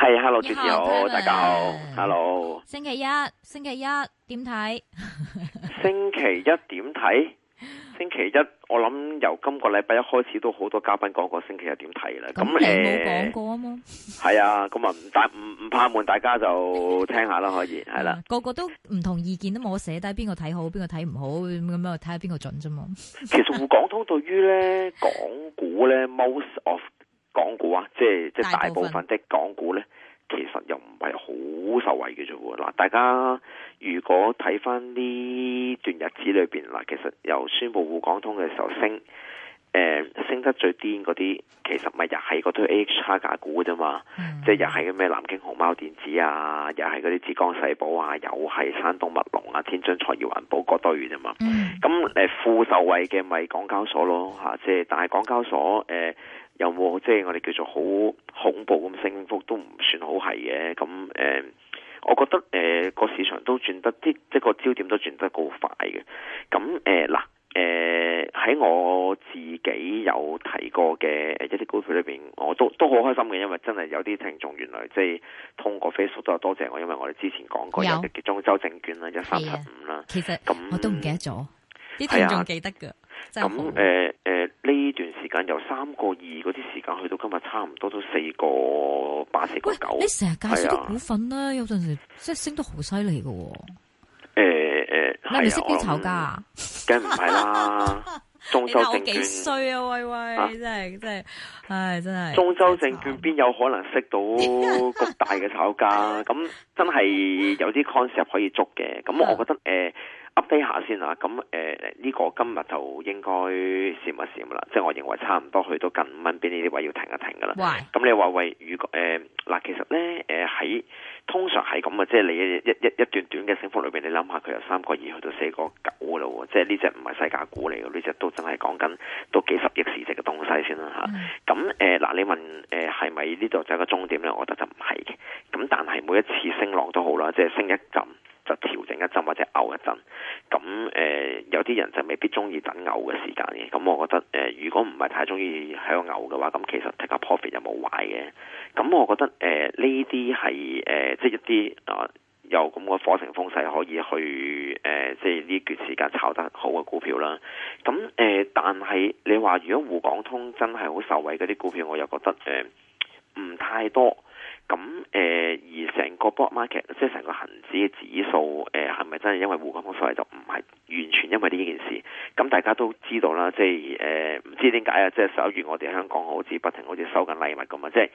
係、 嗯、，hello，主持好，大家好，hello。星期一，星期一點睇？星期一點睇？ 星期一，我諗由今個禮拜一開始都好多嘉賓講過星期一點睇啦。咁你冇講過、嗯、啊？嘛係啊，咁啊，但唔唔怕悶，大家就聽下啦，可以係啦、啊嗯。個個都唔同意見都冇寫低，邊個睇好，邊個睇唔好，咁樣睇下邊個準啫嘛。 其實滬港通對於咧港股咧，most of。港股啊，即係即係大部分即係大部分的港股咧，其實又唔係好受惠嘅啫喎。嗱，大家如果睇翻呢段日子裏邊啦，其實由宣佈滬港通嘅時候升，誒、呃、升得最癲嗰啲，其實咪又係嗰堆 A H 差價股啫嘛。嗯、即係又係咩南京熊貓電子啊，又係嗰啲浙江世寶啊，又係山東墨龍啊，天津創業環保嗰堆啫嘛。咁誒、嗯，負受惠嘅咪港交所咯吓，即係但係港交所誒。呃有冇即係我哋叫做好恐怖咁升幅都唔算好係嘅咁誒？我覺得誒個、呃、市場都轉得啲，即係個焦點都轉得好快嘅。咁誒嗱誒，喺、呃呃、我自己有提過嘅一啲股票裏邊，我都都好開心嘅，因為真係有啲聽眾原來即係通過 Facebook 都多謝我，因為我哋之前講過有隻中州證券啦、一三七五啦，其實咁我都唔記,記得咗，啲聽眾記得嘅。咁誒誒，呢、呃呃、段時間由三個二嗰啲時間去到今日差唔多都四個八四個九，你成日介紹啲股份咧、啊，啊、有陣時即係升得好犀利嘅。誒誒、呃，呃、你係咪識啲炒價？梗唔係啦。 中州證券，衰啊喂喂、啊哎，真係真係，唉真係。中州證券邊有可能識到咁大嘅炒家？咁 真係有啲 concept 可以捉嘅。咁我覺得誒 update、 呃、下先啦。咁誒呢個今日就應該閃一閃啦。即係我認為差唔多去到近五蚊，邊啲啲位要停一停噶啦。咁 你話喂，如果誒嗱，其實咧誒喺。呃通常係咁啊，即係你一一一段短嘅升幅裏邊，你諗下佢由三個二去到四個九噶喎，即係呢隻唔係細價股嚟嘅，呢隻都真係講緊都幾十億市值嘅東西先啦嚇。咁誒嗱，你問誒係咪呢度就係一個終點咧？我覺得就唔係嘅。咁但係每一次升浪都好啦，即係升一咁。就調整一陣或者牛一陣，咁誒、呃、有啲人就未必中意等牛嘅時間嘅，咁我覺得誒、呃、如果唔係太中意喺度牛嘅話，咁其實 take up profit 又冇壞嘅，咁我覺得誒呢啲係誒即係一啲啊、呃、有咁嘅火成風勢可以去誒、呃、即係呢段時間炒得好嘅股票啦，咁誒、呃、但係你話如果滬港通真係好受惠嗰啲股票，我又覺得誒唔、呃、太多。咁誒、呃、而成個 board market 即係成個恒指嘅指數誒係咪真係因為滬港通所以就唔係完全因為呢件事？咁、嗯、大家都知道啦，即係誒唔知點解啊！即係十一月我哋香港好似不停好似收緊禮物咁啊！即係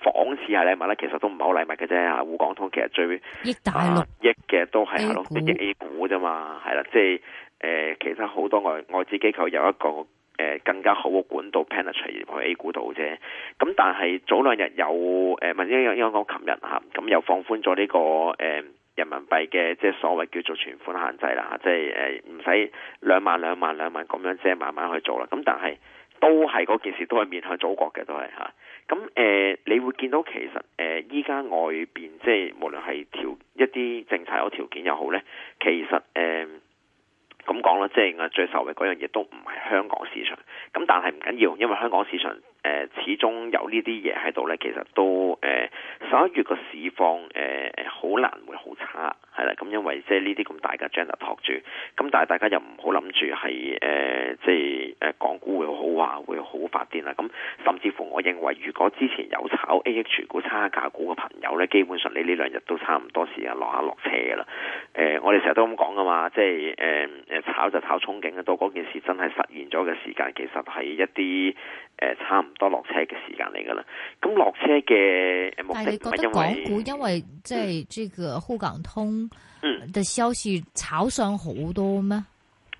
仿似下禮物咧，其實都唔係好禮物嘅啫啊！滬港通其實最益大陸益嘅都係係囉益 A 股啫嘛，係啦，即係誒、呃、其他好多外外資機構有一個。誒、呃、更加好嘅管道 penetrate 入去 A 股度啫，咁、嗯、但係早兩日有誒，唔係應該應該講琴日嚇，咁、啊嗯、又放寬咗呢、這個誒、呃、人民幣嘅即係所謂叫做存款限制啦即係誒唔使兩萬兩萬兩萬咁樣即係、啊、慢慢去做啦，咁、嗯、但係都係嗰件事都係面向祖國嘅都係嚇，咁、啊、誒、嗯呃、你會見到其實誒依家外邊即係無論係條一啲政策又好條件又好咧，其實誒。呃咁講啦，即係我最受惠嗰樣嘢都唔係香港市場，咁但係唔緊要，因為香港市場誒、呃、始終有呢啲嘢喺度咧，其實都誒十一月個市況誒誒好難會好差。係啦，咁因為即係呢啲咁大嘅 gentle 托住，咁但係大家又唔好諗住係誒，即係誒港股會好啊，會好發癲啊，咁甚至乎，我認為如果之前有炒 AH 股差價股嘅朋友咧，基本上你呢兩日都差唔多時間落下落車㗎啦。誒、呃，我哋成日都咁講㗎嘛，即係誒誒炒就炒憧憬嘅，到嗰件事真係實現咗嘅時間，其實係一啲誒、呃、差唔多落車嘅時間嚟㗎啦。咁落車嘅目的係因為因為即係呢個滬港通。嗯，嘅消息炒上好多咩？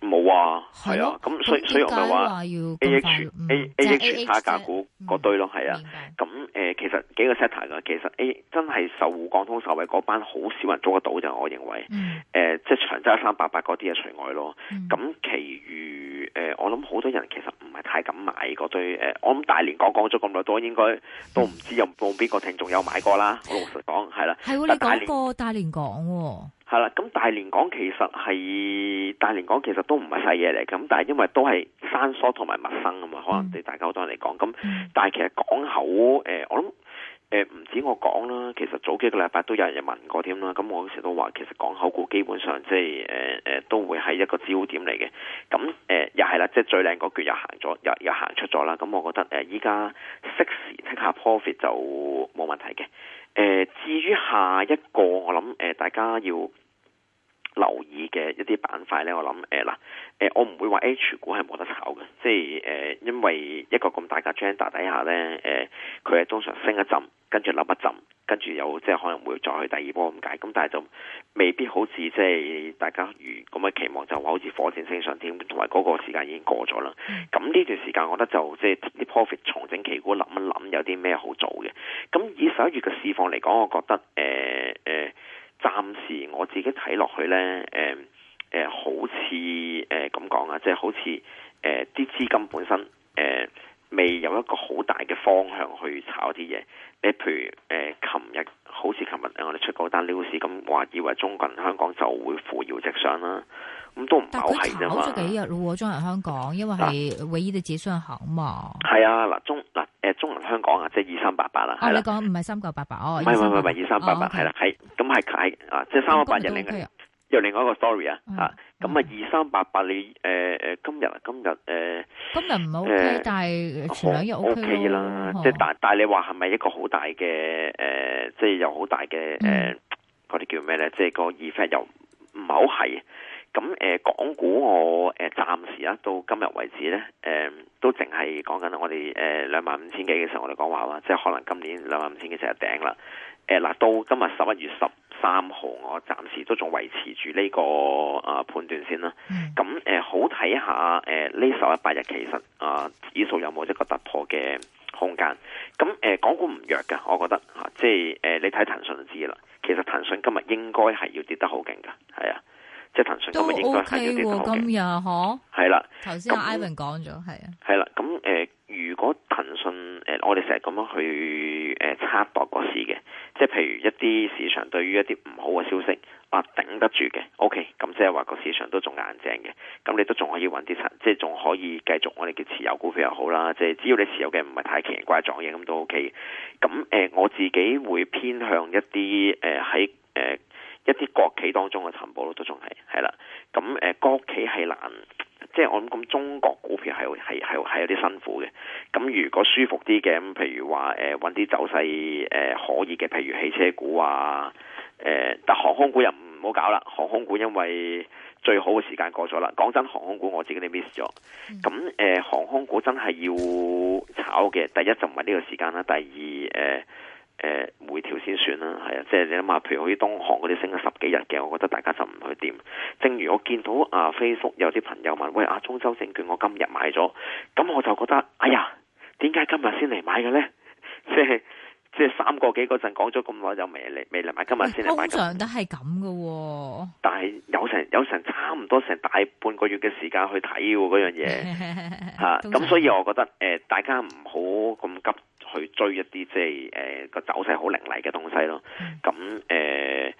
冇啊，係啊，咁，所以所以我咪話 ahaah 差價股堆咯，係啊，咁誒其實幾個 sector 啦其實 a 真係受護廣通受惠嗰班，好少人做得到，就我認為誒即係長洲三八八啲係除外咯，咁其餘誒、呃，我諗好多人其實唔係太敢買嗰對誒、呃，我諗大連港講咗咁耐都應該都唔知有冇邊、嗯、個聽眾有買過啦。我老實講，係啦，係的你講過大連港、哦，係啦，咁大連港其實係大連港，其實都唔係細嘢嚟，嘅。咁但係因為都係生疏同埋陌生啊嘛，可能對大家好多人嚟講，咁、嗯嗯、但係其實港口誒、呃，我諗。誒唔、呃、止我講啦，其實早幾個禮拜都有人問過、嗯、我添啦，咁我嗰時都話其實港口股基本上即係誒誒都會係一個焦點嚟嘅，咁、嗯、誒、呃、又係啦，即係最靚個鉸又行咗，又又行出咗啦，咁、嗯、我覺得誒依家適時 take 下 profit 就冇問題嘅，誒、呃、至於下一個我諗誒、呃、大家要。留意嘅一啲板塊呢，我諗誒嗱，誒、呃呃、我唔會話 H 股係冇得炒嘅，即係誒、呃、因為一個咁大嘅 channel 底下呢，誒佢係通常升一浸，跟住冧一浸，跟住又即係可能會再去第二波咁解，咁但係就未必好似即係大家如咁嘅期望，就話好似火箭升上天，同埋嗰個時間已經過咗啦。咁呢、嗯、段時間，我覺得就即係啲 profit 重整旗鼓，諗一諗有啲咩好做嘅。咁以十一月嘅市況嚟講，我覺得誒。暫時我自己睇落去咧，誒、呃、誒、呃、好似誒咁講啊，即係好似誒啲資金本身誒、呃、未有一個好大嘅方向去炒啲嘢。你譬如誒，琴、呃、日好似琴日我哋出嗰單 news 咁，話以為中銀香港就會扶搖直上啦，咁都唔係好係啫嘛。但係佢炒咗幾日咯，中銀香港，因為係唯一嘅結算行嘛。係啊，嗱、啊啊、中嗱。啊誒，中銀香港啊，即係二三八八啦，係啦。你講唔係三九八八哦，唔係唔係唔係二三八八係啦，係咁係喺啊，即係三九八八又另外又另外一個 story 啊，吓咁啊二三八八你誒誒今日啊今日誒今日唔好但係前兩日 ok 啦，即係但但你話係咪一個好大嘅誒，即係有好大嘅誒，嗰啲叫咩咧？即係個 effect 又唔係好係。咁誒、呃，港股我誒暫、呃、時啊，到今日為止咧，誒、呃、都淨係講緊我哋誒兩萬五千幾嘅時候，我哋講話話，即係可能今年兩萬五千幾就係頂啦。誒、呃、嗱，到今日十一月十三號，我暫時都仲維持住呢、這個啊、呃、判斷先啦。咁、嗯、誒、呃，好睇下誒呢十一八日其實啊指數有冇一個突破嘅空間？咁、嗯、誒、呃，港股唔弱㗎，我覺得啊，即係誒、呃、你睇騰訊就知啦。其實騰訊今日應該係要跌得好勁㗎，係啊。即係騰訊都 OK 喎，今日嗬，係啦的，頭先 Ivan 講咗，係啊、嗯，係啦的，咁誒，如果騰訊誒，我哋成日咁樣去誒，測度個市嘅，即係譬如一啲市場對於一啲唔好嘅消息啊，頂得住嘅，OK，咁即係話個市場都仲硬淨嘅，咁你都仲可以揾啲，即係仲可以繼續我哋嘅持有股票又好啦，即係只要你持有嘅唔係太奇形怪狀嘢，咁都 OK。咁誒，我自己會偏向一啲誒喺誒。一啲國企當中嘅尋寶都仲係係啦，咁誒、嗯、國企係難，即係我諗咁中國股票係係係有啲辛苦嘅。咁、嗯、如果舒服啲嘅，譬如話誒揾啲走勢誒、嗯、可以嘅，譬如汽車股啊，誒、嗯、但航空股又唔好搞啦，航空股因為最好嘅時間過咗啦。講真，航空股我自己都 miss 咗。咁、嗯、誒、嗯嗯、航空股真係要炒嘅，第一就唔係呢個時間啦，第二誒。嗯。誒，回調先算啦，係啊，即係你諗下，譬如好似東航嗰啲升咗十幾日嘅，我覺得大家就唔去掂。正如我見到 Facebook 有啲朋友問，喂，阿中州證券我今日買咗，咁我就覺得，哎呀，點解今日先嚟買嘅咧？即係即係三個幾嗰陣講咗咁耐就未嚟未嚟買，今日先嚟買。通常都係咁噶，但係有成有成差唔多成大半個月嘅時間去睇嗰樣嘢，吓，咁所以我覺得誒，大家唔好咁急。去追一啲即係，誒個走勢好凌厲嘅東西咯。咁誒、呃、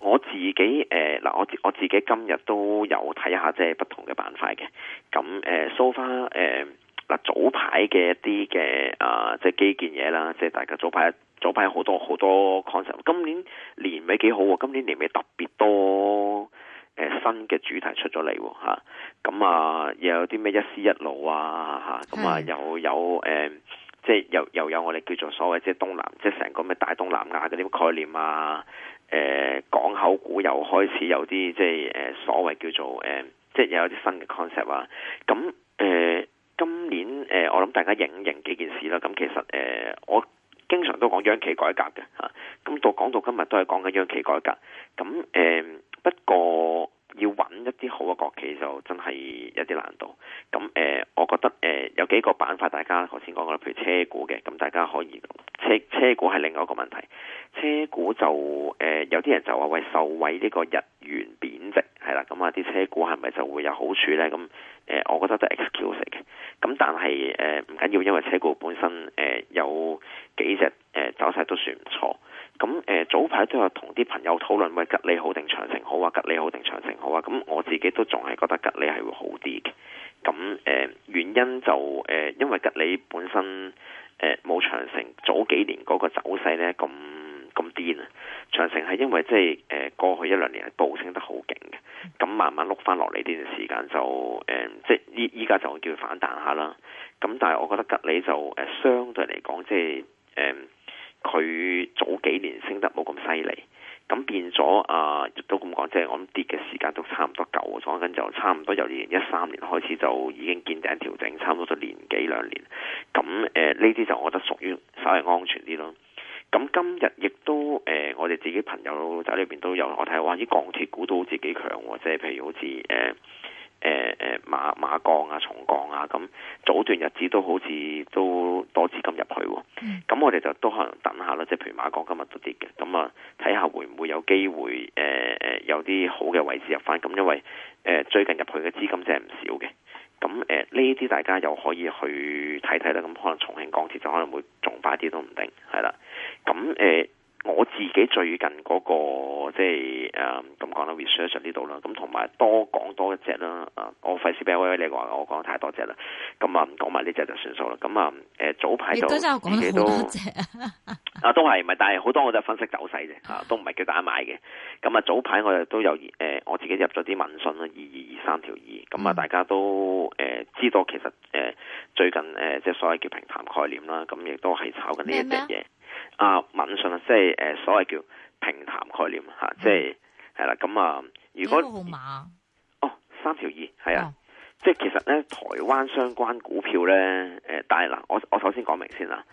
我自己誒嗱，我我自己今日都有睇下即係不同嘅板塊嘅。咁誒梳翻誒嗱，早排嘅一啲嘅啊即係基建嘢啦，即係大家早排早排好多好多 concept。今年年尾幾好喎，今年年尾特別多誒新嘅主題出咗嚟喎嚇。咁啊又有啲咩一絲一路啊嚇，咁啊、呃、又有誒。呃即係又又有我哋叫做所謂即係東南即係成個咩大東南亞嗰啲概念啊，誒、呃、港口股又開始有啲即係誒、呃、所謂叫做誒、呃、即係又有啲新嘅 concept 啊，咁誒、呃、今年誒、呃、我諗大家認認幾件事啦，咁其實誒、呃、我經常都講央企改革嘅嚇，咁、啊、到講到今日都係講緊央企改革，咁誒、呃、不過。啲好嘅國企就真係有啲難度，咁誒、呃，我覺得誒、呃、有幾個板塊，大家頭先講過啦，譬如車股嘅。咁大家可以車車股係另外一個問題，車股就誒、呃、有啲人就話為受惠呢個日元貶值係啦，咁啊啲車股係咪就會有好處呢？咁誒、呃，我覺得都係 XQ 式嘅，咁但、呃、係誒唔緊要，因為車股本身誒、呃、有幾隻誒、呃、走勢都算唔錯。咁誒、呃、早排都有同啲朋友討論，喂，吉利好定長城好啊？吉利好定長城好啊？咁我自己都仲係覺得吉利係會好啲嘅。咁誒、呃、原因就誒、呃，因為吉利本身誒冇、呃、長城早幾年嗰個走勢咧，咁咁癲啊！長城係因為即係誒過去一兩年係暴升得好勁嘅，咁慢慢碌翻落嚟呢段時間就誒、呃，即係依依家就叫反彈下啦。咁但係我覺得吉利就誒、呃、相對嚟講即係誒。就是呃佢早幾年升得冇咁犀利，咁變咗啊，亦都咁講，即係我諗跌嘅時間都差唔多夠咗，講緊就差唔多由二零一三年開始就已經見頂調整，差唔多咗年幾兩年，咁誒呢啲就我覺得屬於稍微安全啲咯。咁今日亦都誒、呃，我哋自己朋友仔裏邊都有我睇話，啲鋼鐵股都好似幾強喎，即係譬如好似誒。呃誒誒，馬馬鋼啊、重鋼啊，咁早段日子都好似都多資金入去喎、哦。咁、mm. 我哋就都可能等下啦，即係譬如馬鋼今日都跌嘅，咁啊睇下會唔會有機會誒誒、呃、有啲好嘅位置入翻。咁因為誒、呃、最近入去嘅資金真係唔少嘅。咁誒呢啲大家又可以去睇睇啦。咁可能重慶鋼鐵就可能會仲快啲都唔定，係啦。咁誒。呃我自己最近嗰、嗰個即係誒咁講啦，research 呢度啦，咁同埋多講多一隻啦，啊，我費事俾人你話我講太多隻啦，咁啊唔講埋呢隻就算數啦，咁啊誒早排就自己都啊，啊都係唔係？但係好多我都係分析走勢啫，嚇、啊、都唔係叫大家買嘅。咁啊早排我亦都有誒、啊、我自己入咗啲民信啦，二二二三條二、啊，咁啊、嗯、大家都誒、啊、知道其實誒、啊、最近誒即係所謂叫平淡概念啦，咁亦都係炒緊呢一隻嘢。啊，敏訊啊，即係誒、呃、所謂叫平潭概念吓、啊，即係係啦咁啊。如果哦三條二係啊，嗯、即係其實咧台灣相關股票咧誒、呃，但係嗱，我我首先講明先啦，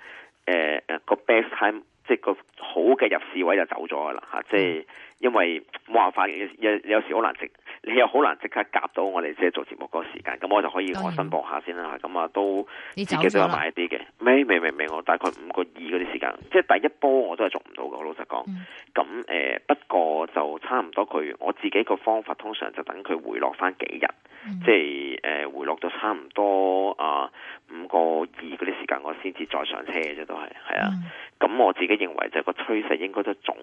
誒、呃、誒個 best time。即個好嘅入市位就走咗噶啦嚇，即係因為冇辦法，有有有時好難即，你又好難即刻夾到我哋即係做節目嗰個時間，咁我就可以我申報下先啦，咁啊然都自己都有買一啲嘅，未未未，明，我大概五個二嗰啲時間，即係第一波我都係做唔到嘅，老實講。咁誒、嗯呃、不過就差唔多佢我自己個方法，通常就等佢回落翻幾日，嗯、即係誒、呃、回落到差唔多啊。呃五個二嗰啲時間我先至再上車嘅啫，都係係啊。咁、mm. 我自己認為就個趨勢應該都仲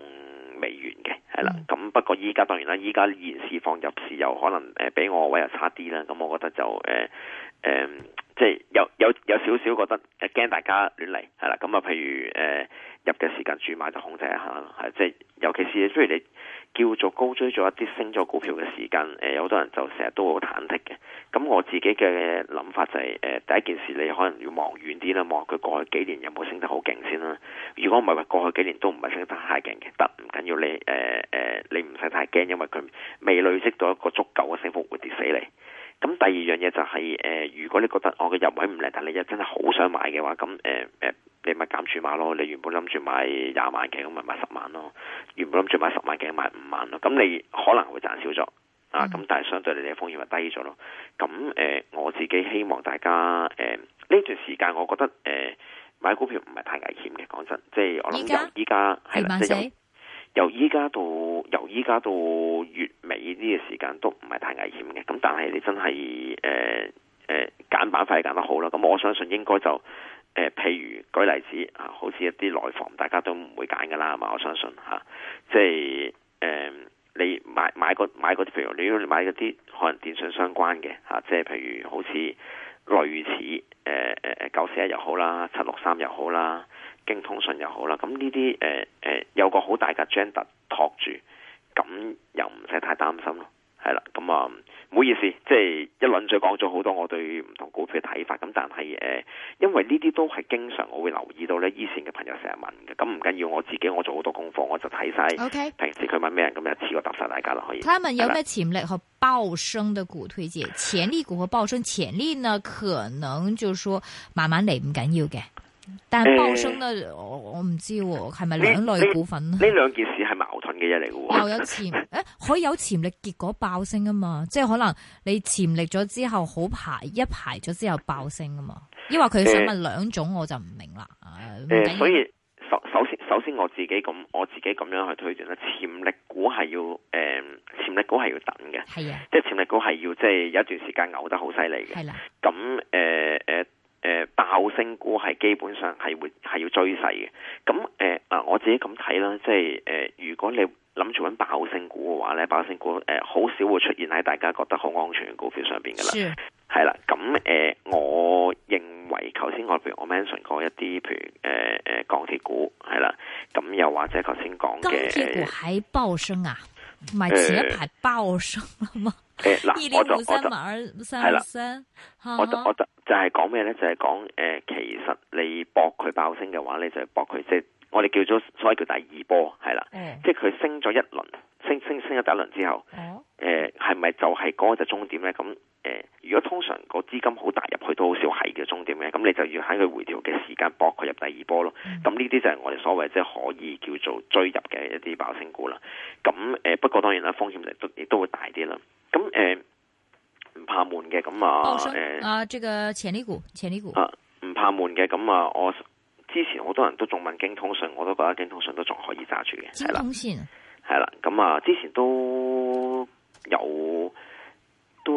未完嘅，係啦。咁、mm. 不過依家當然啦，依家現時放入市有可能誒，比我位又差啲啦。咁我覺得就誒誒、呃呃，即係有有有少少覺得誒驚大家亂嚟，係啦。咁啊，譬如誒入嘅時間住埋就控制一下啦，係即係，尤其是雖然你。叫做高追咗一啲升咗股票嘅時間，誒、呃、有好多人就成日都好忐忑嘅。咁我自己嘅諗法就係、是、誒、呃、第一件事你可能要望遠啲啦，望佢過去幾年有冇升得好勁先啦。如果唔係話，過去幾年都唔係升得太勁嘅，得唔緊要你誒誒、呃呃，你唔使太驚，因為佢未累積到一個足夠嘅升幅會跌死你。咁第二樣嘢就係、是、誒、呃，如果你覺得我嘅入位唔靚，但你又真係好想買嘅話，咁誒誒，你咪減住碼咯你原本諗住買廿萬嘅，咁咪買十萬咯原本諗住買十萬嘅，買五萬咯咁你可能會賺少咗啊！咁但係相對你哋嘅風險咪低咗咯咁誒、嗯呃，我自己希望大家誒呢、呃、段時間，我覺得誒、呃、買股票唔係太危險嘅。講真，即、就、係、是、我諗由依家係唔係。由依家到由依家到月尾呢個時間都唔係太危險嘅，咁但係你真係誒誒揀板塊揀得好啦，咁我相信應該就誒、呃，譬如舉例子啊，好似一啲內房大家都唔會揀㗎喇，係嘛？我相信嚇，即係誒，你買買個買嗰啲譬如你要買嗰啲可能電信相關嘅嚇、啊，即係譬如好似。類似誒誒誒九四一又好啦，七六三又好啦，京通訊、嗯呃呃、又好啦，咁呢啲誒誒有個好大嘅 gentle 托住，咁又唔使太擔心咯。係啦，咁啊唔好意思，即係一輪嘴講咗好多我對唔同股票嘅睇法。咁但係誒，因為呢啲都係經常我會留意到呢，以前嘅朋友成日問嘅。咁唔緊要，我自己我做好多功課，我就睇晒。O K，平時佢問咩人，咁一次過答晒大家啦，可以。佢問有咩潛力可爆升嘅股推薦？潛力股或爆升潛力呢？可能就說慢慢嚟唔緊要嘅，但爆升呢？欸哦我唔知係咪兩類股份呢？呢兩件事係矛盾嘅嘢嚟嘅。又有潛 誒，可以有潛力，結果爆升啊嘛！即係可能你潛力咗之後，好排一排咗之後爆升啊嘛！抑或佢想問兩種，我就唔明啦。誒、呃呃，所以首首先首先我自己咁我自己咁樣去推斷咧，潛力股係要誒、呃，潛力股係要等嘅，係啊的，即係潛力股係要即係、就是、有一段時間嘔得好犀利嘅，係啦的。咁誒誒。誒、呃，爆升股係基本上係會係要追勢嘅。咁誒，啊、呃、我自己咁睇啦，即係誒、呃，如果你諗住揾爆升股嘅話咧，爆升股誒好、呃、少會出現喺大家覺得好安全嘅股票上邊噶啦。係啦是，咁誒、呃，我認為頭先我如我 mention 過一啲，譬如誒誒、呃、鋼鐵股係啦，咁又或者頭先講嘅。鋼股還爆升啊！唔係前一排爆升啊嘛，嗱，我就 我就我就係講咩咧？就係講誒，其實你搏佢爆升嘅話咧，就係搏佢即係我哋叫咗，所謂叫第二波係啦，欸、即係佢升咗一輪，升升升咗第一輪之後，誒係咪就係嗰隻終點咧？咁誒、呃，如果通常個資金好大入去都。喺佢回調嘅時間，搏佢入第二波咯。咁呢啲就係我哋所謂即係可以叫做追入嘅一啲爆升股啦。咁誒，不過當然啦，風險力亦都會大啲啦。咁誒，唔、欸、怕悶嘅咁啊。誒聲、欸、啊，這個潛力股，潛力股啊，唔怕悶嘅咁啊。我之前好多人都仲問京通訊，我都覺得京通訊都仲可以揸住嘅。京通訊係啦。咁啊，之前都有。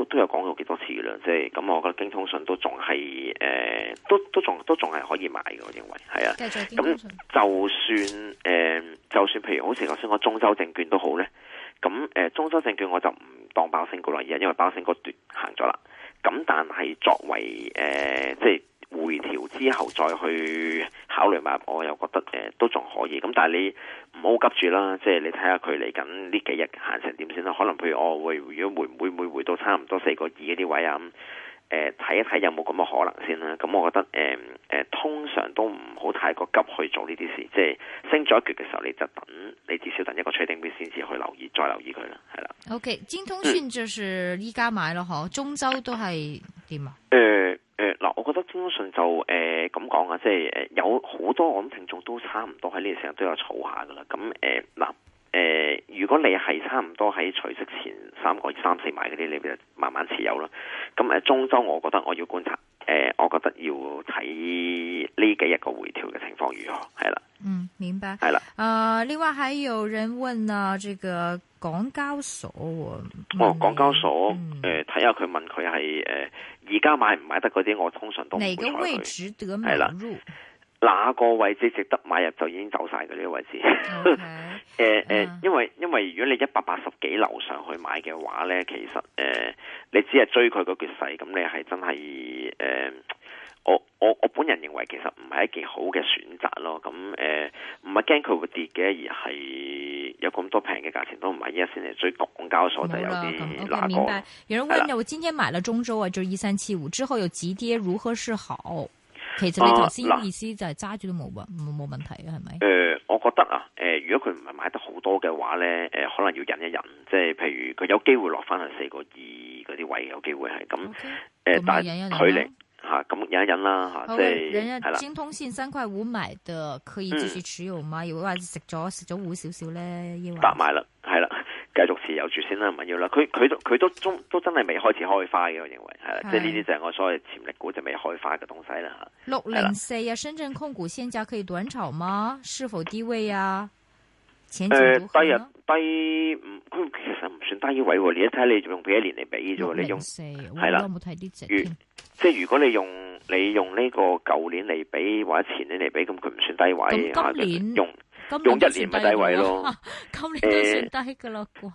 都有講過幾多次啦，即係咁，我覺得京通訊都仲係誒，都都仲都仲係可以買嘅，我認為係啊。咁就算誒、呃，就算譬如好似頭先個中州證券都好咧，咁誒、呃、中州證券我就唔當包升股嚟嘅，因為包升股斷行咗啦。咁但係作為誒，即、呃、係。就是.回調之後再去考慮埋，我又覺得誒、呃、都仲可以咁，但係你唔好急住啦，即係你睇下佢嚟緊呢幾日行成點先啦，可能譬如我會如果會唔會唔會回到差唔多四個二嗰啲位啊。誒睇一睇有冇咁嘅可能先啦。咁我覺得誒誒通常都唔好太過急去做呢啲事，即係升咗一撅嘅時候，你就等你至少等一個趨定邊先至去留意，再留意佢啦。係啦。OK. 精通信就是依家買咯，嗬？中週都係點啊？誒誒嗱，我覺得精通信就誒咁講啊，即係誒有好多我諗聽眾都差唔多喺呢段時間都有儲下噶啦。咁誒嗱。呃呃你係差唔多喺除息前三個月、三四買嗰啲，你咪慢慢持有咯。咁誒，中周我覺得我要觀察，誒、呃，我覺得要睇呢幾日個回調嘅情況如何，係啦。嗯，明白。係啦的，誒、呃，另外還有人問啊，這個港交所，哦，港交所，誒、嗯，睇下佢問佢係誒，而、呃、家買唔買得嗰啲，我通常都唔會睬佢。係啦，哪、那個位置值得買入？就已經走晒嘅呢個位置。Okay. 誒誒，因為、嗯、因為如果你一百八十幾樓上去買嘅話咧，其實誒、呃，你只係追佢嗰個勢，咁你係真係誒、呃，我我我本人認為其實唔係一件好嘅選擇咯。咁、嗯、誒，唔係驚佢會跌嘅，而係有咁多平嘅價錢都唔係依家先至追港交所就有啲拉多。明白。有人問嘅，的問我今天買了中州啊，就一三七五之後又急跌，如何是好？其實你頭先意思就係揸住都冇問冇冇問題嘅係咪？誒、呃，我覺得啊。誒、呃，如果佢唔係買得好多嘅話咧，誒、呃，可能要忍一忍，即係譬如佢有機會落翻去四個二嗰啲位，有機會係咁，誒，但係距離嚇，咁忍一忍啦嚇，即係係啦。精通線三塊五買嘅，可以繼續持有嗎？如果話食咗食咗五少少咧，要唔？答埋啦。持有住先啦，唔緊要啦。佢佢都佢都中都真係未開始開花嘅，我認為係啦。即係呢啲就係我所謂潛力股，就未開花嘅東西啦。六零四啊，深圳控股現價可以短炒嗎？是否低位啊？前景如何？誒，低啊，低佢其實唔算低位喎。你睇下你用幾多年嚟比啫喎，你用係啦。我冇睇啲值。即係如果你用你用呢個舊年嚟比或者前年嚟比，咁佢唔算低位。咁今年，啊，用。用一年咪低位咯，今年都算低噶咯啩。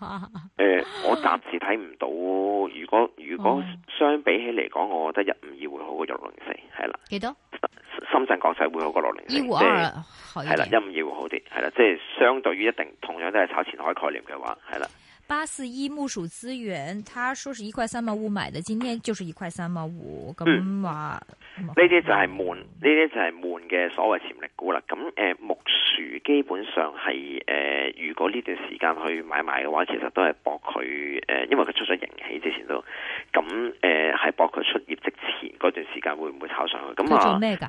誒，我暫時睇唔到。如果如果相比起嚟講，我覺得一五二會好過六零四，係啦。幾多？深圳國際會好過六零四，即係係啦，一五二會好啲，係啦，即係相對於一定同樣都係炒前海概念嘅話，係啦。八四一木薯資源，他說是一塊三毛五買的，今天就是一塊三毛五咁話，呢啲就係悶，呢啲就係悶嘅所謂潛力股啦。咁誒，木薯基本上係誒、呃，如果呢段時間去買賣嘅話，其實都係博佢誒，因為佢出咗盈喜之前都咁誒，係博佢出業績前嗰段時間會唔會炒上去咁啊？做咩㗎？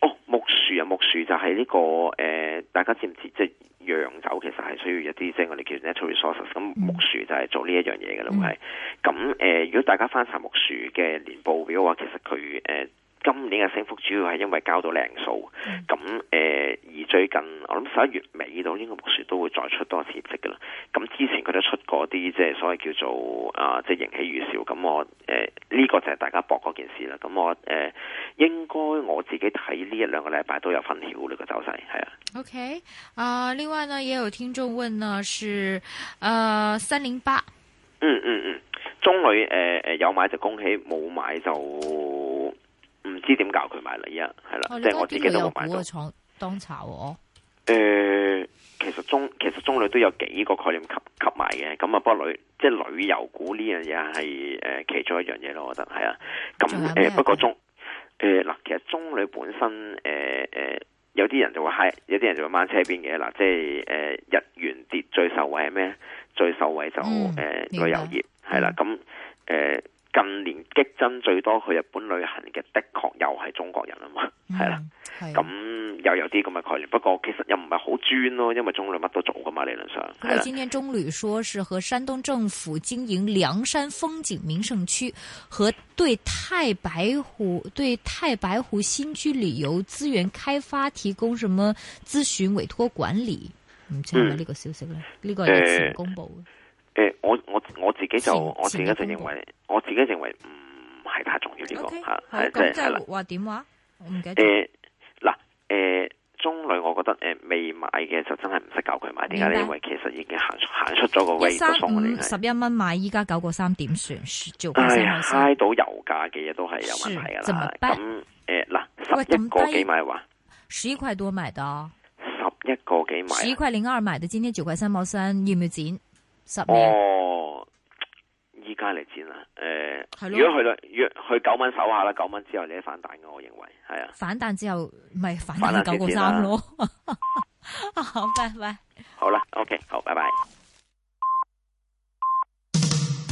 哦，木薯啊，木薯就係呢、這個誒、呃，大家知唔知即係釀酒其實係需要一啲即係我哋叫做 natural resources，咁木薯就係做呢一樣嘢噶啦，係咁誒。如果大家翻查木薯嘅年報表嘅話，其實佢誒、呃、今年嘅升幅主要係因為交到靚數，咁誒、嗯呃、而最近我諗十一月尾到應該木薯都會再出多啲業績噶啦。啲即係所謂叫做啊、呃，即係盈起如兆。咁我誒呢、呃這個就係大家搏嗰件事啦。咁我誒、呃、應該我自己睇呢一兩個禮拜都有分曉呢、這個走勢係啊。OK 啊、呃，另外呢，也有聽眾問呢，是啊三零八。嗯嗯嗯，中旅誒誒、呃、有買就恭喜，冇買就唔知點教佢買啦。依家係啦，哦、即係我自己都冇買。當炒哦。誒、嗯。嗯其實中其實中旅都有幾個概念吸吸埋嘅，咁啊不過旅即係旅遊股呢樣嘢係誒其中一樣嘢咯，我覺得係啊。咁誒、呃、不過中誒嗱、呃，其實中旅本身誒誒、呃呃、有啲人就話係，有啲人就話掹車邊嘅嗱，即係誒、呃、日元跌最受惠係咩？最受惠就誒、是嗯呃、旅遊業係啦，咁誒、嗯。近年激增最多去日本旅行嘅，的確又係中國人啊嘛，係、嗯、啦，咁、嗯嗯嗯、又有啲咁嘅概念。不過其實又唔係好專咯，因為中旅乜都做噶嘛，理論上。不過、嗯、啦今天中旅說是和山東政府經營梁山風景名勝區，和對太白湖、對太白湖新區旅遊資源開發提供什麼諮詢、委託管理，唔知係咪呢個消息呢？呢個係日前公布嘅。嗯嗯嗯誒，我我我自己就我自己就認為，我自己認為唔係太重要呢個吓，即係啦。話點話？唔記得。誒，嗱，誒，中旅我覺得誒未買嘅就真係唔識教佢買。點解？因為其實已經行行出咗個位。一五十一蚊買，依家九個三點算。唉，嗨到油價嘅嘢都係有問題啦。咁誒，嗱，十一個幾買話？十一塊多買到？十一個幾買？十一塊零二買嘅，今天九塊三毛三，要唔要剪？十年，哦，依家嚟戰啦！誒、呃是咯，如果去到約去九蚊手下啦，九蚊之後你啲反彈嘅，我認為係啊。反彈之後咪反到九個三咯。 好拜拜，喂，好啦，OK，好，拜拜。